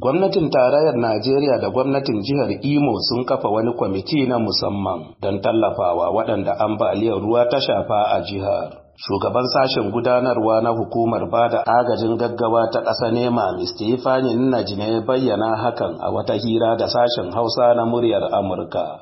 Gwamnatin Tarayyar Najeriya da gwamnatin jihar Imo sun kafa wani kwamiti na musamman don tallafawa waɗanda ambaliyar ruwa ta shafa a jihar. shugaban sashen gudanarwa na hukumar ba da agajin gaggawa ta ƙasa nema Stefani Nnajine ya bayyana hakan a wata hira da sashen Hausa na muryar Amurka.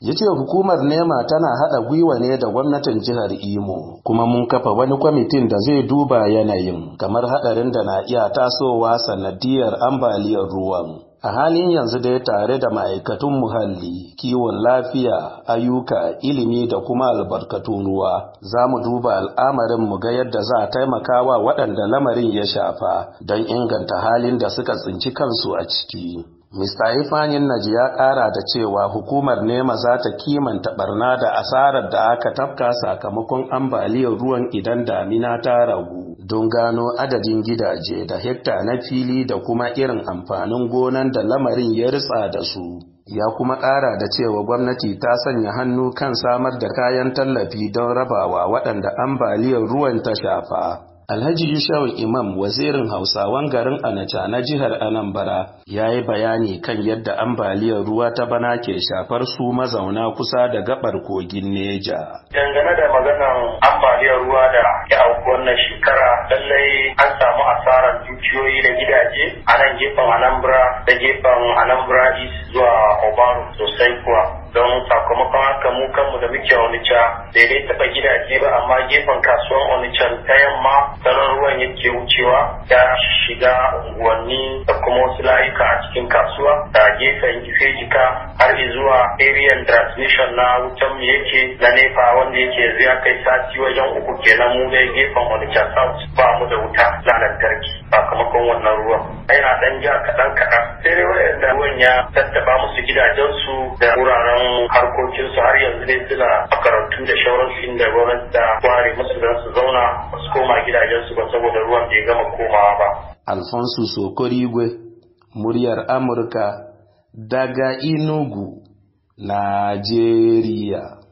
Ya ce hukumar nema tana haɗa gwiwa ne da gwamnatin jihar Imo, kuma mun kafa wani kwamitin da zai duba yanayin kamar haɗarin da na iya tasowa sanadiyar ambaliyar ruwan. a halin yanzu dai tare da ma'aikatun muhalli kiwon lafiya ayyuka ilimi da kuma albarkatun ruwa za mu duba al'amarin mu ga yadda za a taimaka wa waɗanda lamarin ya shafa don inganta halin da suka tsinci kansu a ciki Mr. Ifanin Naji ya ƙara da cewa hukumar nema za ta kimanta barna da asarar da aka tafka sakamakon ambaliyar ruwan idan damina ta ragu. don gano adadin gidaje da hekta na fili da kuma irin amfanin gonan da lamarin ya ritsa da su. Ya kuma ƙara da cewa gwamnati ta sanya hannu kan samar da kayan tallafi don rabawa waɗanda ambaliyar ruwan ta shafa. Alhaji Yushawar Imam wazirin Hausawan garin Anacha na jihar Anambra ya yi bayani kan yadda ambaliyar ruwa ta bana ke shafar su mazauna kusa da gabar kogin Neja. Dangane da maganar ambaliyar ruwa da ya auku wannan shekara lallai an samu asarar dukiyoyi da gidaje a nan gefen Anambra da gefen Anambra East zuwa oban sosai kuwa don sakamakon haka mu kanmu da muke onitsha daidai taɓa gidaje ba amma gefen kasuwan onitsha ta yamma tsaron ruwan yake wucewa ya shiga unguwanni da kuma wasu layuka a cikin kasuwa da gefen ifejika har zuwa arian transmission na wutan mu yake na Nepa wanda yake ya kai sati wajen uku kenan mu dai gefen onitsha south ba mu da wuta na lantarki sakamakon wannan ruwan yana dan ja kaɗan kaɗan sai dai wanda ruwan ya tattaba musu gidajensu da wuraren harkokinsu har yanzu ne suna makarantu da shauransu inda gwamnati ta ware musu don su zauna ba su koma gidajensu ba saboda ruwan bai gama komawa ba. Alfonso Sokorigwe, muryar Amurka daga Inugu, Najeriya.